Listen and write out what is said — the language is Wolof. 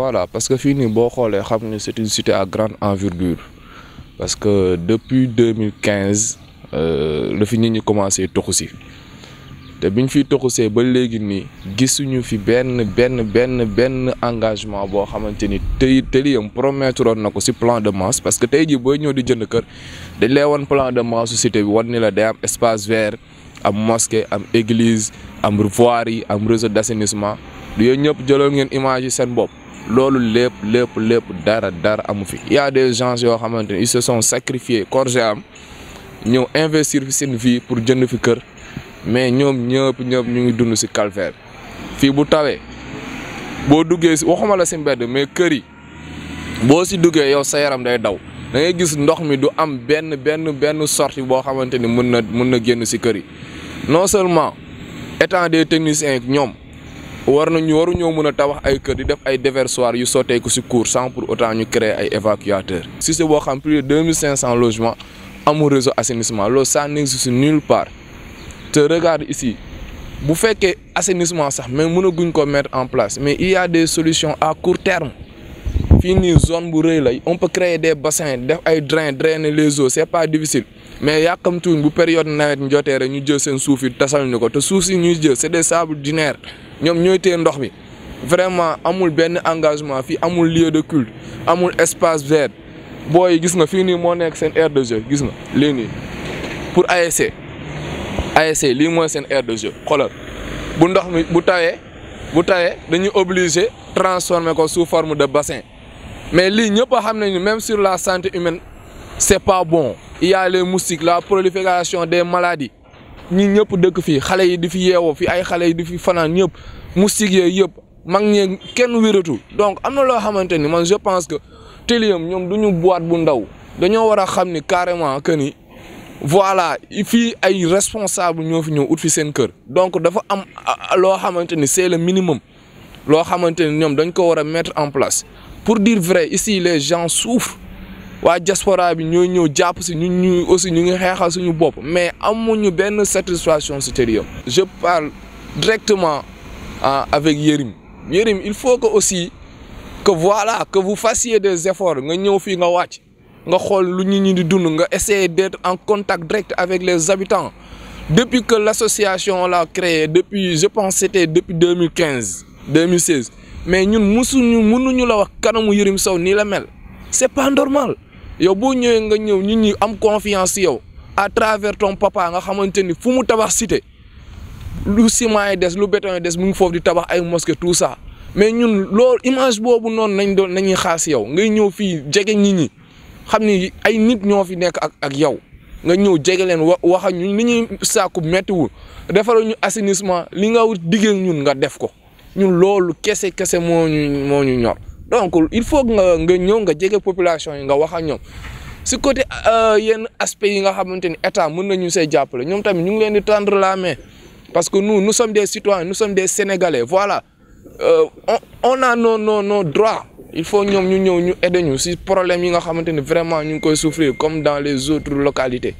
voilà parce que fini est c'est une cité à grande envergure parce que depuis 2015 le le fini ñi commencé à être te biñ fiy toxusee ba léegi nii gisuñu fi benn benn benn benn engagement bo xamanteni ni tey plan de masse parce que tay ji boy ñeu di jënd dañ plan de masse C'est cité bi wone la day am espace vert am mosquée am église am voirie am réseau d'assainissement Nous ñëpp une ngeen image yi seen bopp lolou dara dara amu fi y a des gens yo ils se sont sacrifiés corps et âme ñëw investir vie pour jënd fi kër mais ñom ñu dund ci calvaire fi bu tawé bo duggé waxuma la mais kër yi si duggé yow sa day daw da ngay gis ndox mi du am benn benn benn sortie bo xamanteni mëna mëna kër yi non seulement étant des techniciens ñom war ñu waru ñoo mëna a ay kër di def ay déversoir yu ko ci cour sans pour autant ñu créer ay évacuateurs si c'est bo xam plus de 2500 logements amoureux réseau assainissement lo ça n'existe nulle part te regarde ici bu féké assainissement sax mais guñ ko mettre en place mais il y a des solutions à court terme Fini zone bu reuy on peut créer des bassins def ay drains drainer les eaux c'est pas difficile mais yàkkamtuwuñ bu période nawet ñu rek ñu jël sen suuf yi tasal ñu te suuf si ñuy jël c'est des sables dunaires ñom ñoy té ndox bi vraiment amul ben engagement fi amul lieu de culte amul espace vert boy gis nga fii nii moo nekk seen aire de jeu gis nga li ni pour ASC ASC li mooy sen aire de jeu xolal bu ndox mi bu tawé bu tawé dañuy obligé transformer ko sous forme de bassin mais li ñepp xam nañu même sur la santé humaine c'est pas bon il y a les moustiques là la prolifération des maladies ñi ñëpp dëkk fii xale yi di fi yeewoo fi ay xale yi di fi ñëpp moustiques yooyu yëpp mag ñee kenn wératul donc am na loo xamante ni man je pense que Telium ñoom du ñu boîte bu ndaw dañoo war a xam carrément que ni voilà fii ay responsable ñoo fi ñëw ut fi seen kër donc dafa am loo xamante ni c'est le minimum loo xamante ni ñoom dañ ko war mettre en place pour dire vrai ici les gens souffrent wa diaspora bi ñoo ñëw japp ci ñun aussi ñu ngi suñu bopp mais amuñu benn satisfaction je parle directement ah, avec Yérim Yérim il faut que aussi que voilà que vous fassiez des efforts nga ñëw fi nga wacc nga xol lu nous ñi di dund nga d'être en contact direct avec les habitants depuis que l'association l'a créée depuis je pense c'était depuis 2015, 2016, mais ñun musuñu mënuñu la wax Yérim saw ni la mel c'est pas normal yow boo ñëwee nga ñëw ñun ñi am confiance yow à travers ton papa nga xamante ni fu mu tabax cité lu ciment yi des lu béton yi des mu ngi foofu di tabax ay mosquée tout sax mais ñun loolu image boobu noonu nañ doon nañuy xaar si yow ngay ñëw fii jege nit ñi xam ni ay nit ñoo fi nekk ak ak yow nga ñëw jege leen wa wax ak ñun li ñuy sàkku méttiwul defaral ñu assainissement li nga diggal ñun nga def ko ñun loolu kese kese moo moo ñu ñor. donc il faut que nga ñëw nga population yi nga wax ak ñoom si côté euh, yenn aspect yi nga xamante ni état mën nañu see jàppale ñoom tamit ñu ngi leen di tendre la main parce que nous nous sommes des citoyens nous sommes des sénégalais voilà euh, on on a nos nos nos droits il faut que nous ñëw ñu aider ñu problème est nga vraiment ñu souffrir comme dans les autres localités.